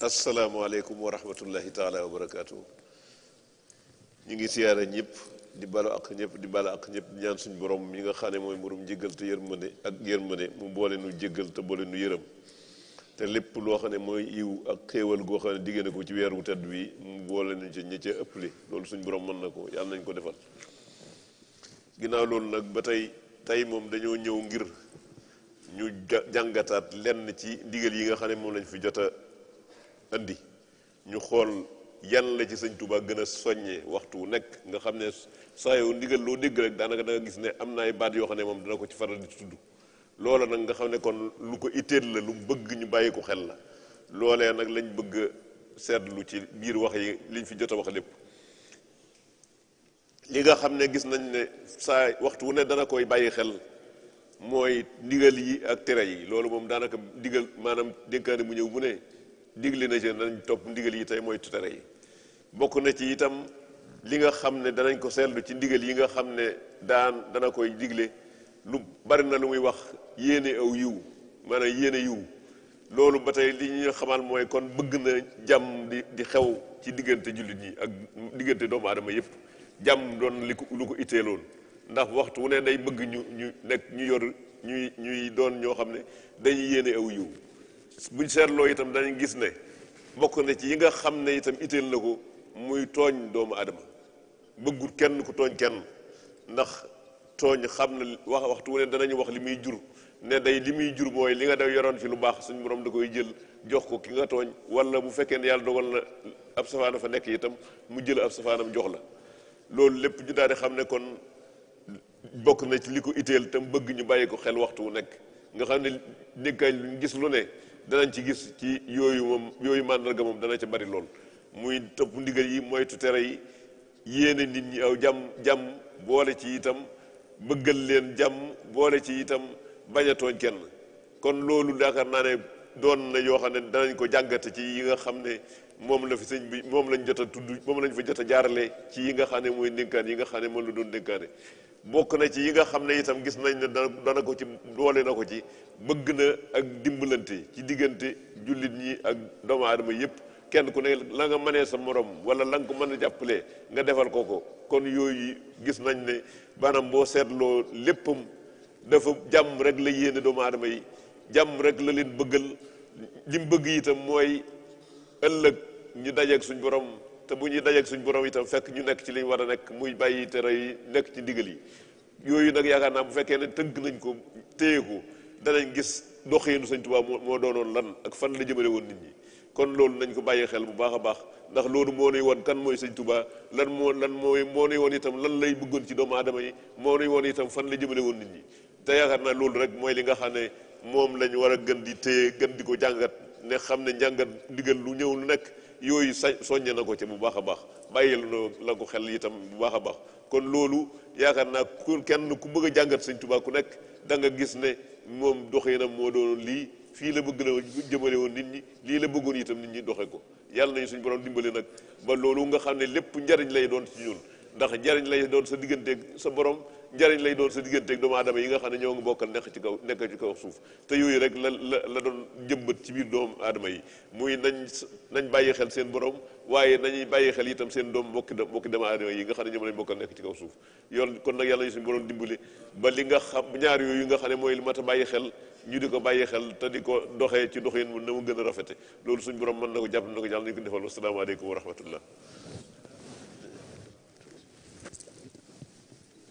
asalaamualeykum wa rahmatullahi taala wa barakaatu. ñu ngi siyaare ñëpp di balo ak ñëpp di balu ak ñëpp ñaan suñu borom mi nga xam ne mooy murum jéggal te yërmande ak yërmande mu boole nu jéggal te boole nu yërëm te lépp loo xam ne mooy yiw ak xéewal goo xam ne ko ci weer wu tedd wi mu boole nu ci ëpp li loolu suñu borom mën na ko yàlla nañ ko defal ginnaaw loolu nag ba tey tey moom dañoo ñëw ngir ñu jàngataat lenn ci ndigal yi nga xam ne moom lañ fi jota andi ñu xool yan la ci sëñ Touba gën a soññee waxtu wu nekk nga xam ne saa yow ndigal loo dégg rek daanaka da gis ne am na ay baat yoo xam ne moom dana ko ci faral di tudd loola nag nga xam ne kon lu ko itteel la lu bëgg ñu bàyyi xel la loolee nag lañ bëgg seetlu ci biir wax yi liñ fi jot wax lépp li nga xam ne gis nañ ne saa waxtu wu ne dana koy bàyyi xel mooy ndigal yi ak tere yi loolu moom daanaka ndigal maanaam dénkaane bu ñëw bu ne digle na ci danañ topp ndigal yi tey mooy tutare yi bokk na ci itam li nga xam ne danañ ko seetlu ci ndigal yi nga xam ne daan dana koy digle lu bari na lu muy wax yéene aw yiw maanaam yéene yiw loolu ba tey li ñu xamal mooy kon bëgg na jàmm di xew ci diggante jullit ñi ak diggante doomu aadama yëpp jàmm doon li ko lu ko itteeloon ndax waxtu wu ne day bëgg ñu ñu nekk ñu yor ñuy ñuy doon ñoo xam ne dañuy yéene aw yiw buñ seetloo itam dañu gis ne bokk na ci yi nga xam ne itam itteel na ko muy tooñ doomu adama bëggul kenn ku tooñ kenn ndax tooñ xam ne wax waxtu wu ne danañu wax li muy jur ne day li muy jur mooy li nga day yoroon ci lu baax suñu boroom da koy jël jox ko ki nga tooñ walla bu fekkee yàlla dogal na ab safaana fa nekk itam mu jël ab safaanam jox la loolu lépp ñu daal di xam ne kon bokk na ci li ko itteel tam bëgg ñu bàyyi ko xel waxtu wu nekk nga xam ne nekkaay luñ gis lu danañ ci gis ci yooyu moom yooyu màndarga moom dana ci bari lool muy topp ndigal yi moytu tere yi yéene nit ñi aw jàmm jàmm boole ci itam bëggal leen jàmm boole ci itam bañ a tooñ kenn kon loolu yaakaar naa ne doon na yoo xam ne danañ ko jàngate ci yi nga xam ne moom la fi sëñ bi moom lañ jot a tudd moom lañ fa jot a jaarale ci yi nga xam ne mooy ndénkaan yi nga xam ne moom la doon dénkaane bokk na ci yi nga xam ne itam gis nañ ne dana ko ci doole na ko ci bëgg na ak dimbalante ci diggante jullit ñi ak doomu aadama yëpp kenn ku ne la nga mënee sa morom wala la nga ko mën a jàppalee nga defal ko ko kon yooyu gis nañ ne maanaam boo seetloo léppam dafa jàmm rek la yéene doomu aadama yi jàmm rek la leen bëggal li mu bëgg itam mooy ëllëg ñu dajeeg suñ borom te bu ñuy dajeeg suñ borom itam fekk ñu nekk ci li war a nekk muy bàyyi tere yi nekk ci ndigal yi yooyu nag yaakaar naa bu fekkee ne tënk nañ ko téye ko danañ gis doxiinu sëñ Tuubaa moo doonoon lan ak fan la jëmale woon nit ñi kon loolu nañ ko bàyyi xel bu baax a baax ndax loolu moo woon kan mooy sëñ lan moo lan mooy moo woon itam lan lay bëggoon ci doomu aadama yi moo nuy woon itam fan la jëmale woon nit ñi te yaakaar naa loolu rek mooy li nga xam ne moom lañu war a gën di téye gën di ko jàngat ne xam ne njàngat ndigal lu ñëw lu nekk yooyu sa soññe na ko ca bu baax a baax bàyyil la ko xel itam bu baax a baax kon loolu yaakaar naa ku kenn ku bëgg a jàngat sëñ Tuubaa ku nekk da nga gis ne moom doxinam moo doon lii fii la bëgg la jëmale woon nit ñi lii la bëggoon itam nit ñi doxe ko yàlla nañu suñu borom dimbali nag ba loolu nga xam ne lépp njariñ lay doon ci ñun ndax njariñ lay doon sa digganteeg sa borom njariñ lay doon sa digganteeg doomu aadama yi nga xam ne ñoo ngi bokkal nekk ci kaw nekk ci kaw suuf te yooyu rek la la la doon jëmbat ci biir doomu aadama yi muy nañ nañ bàyyi xel seen borom waaye nañuy bàyyi xel itam seen doom mbokki mbokki doomu aadama yi nga xam ne ñoom lañ bokkal nekk ci kaw suuf yoon kon nag yàlla ñu suñu borom dimbali ba li nga xam ñaar yooyu nga xam ne mooy li mat a bàyyi xel ñu di ko bàyyi xel te di ko doxee ci doxin na mu gën a rafete loolu suñ borom mën na ko jàpp na ko yàlla nañu ko defal wasalaamaaleykum wa rahmatullah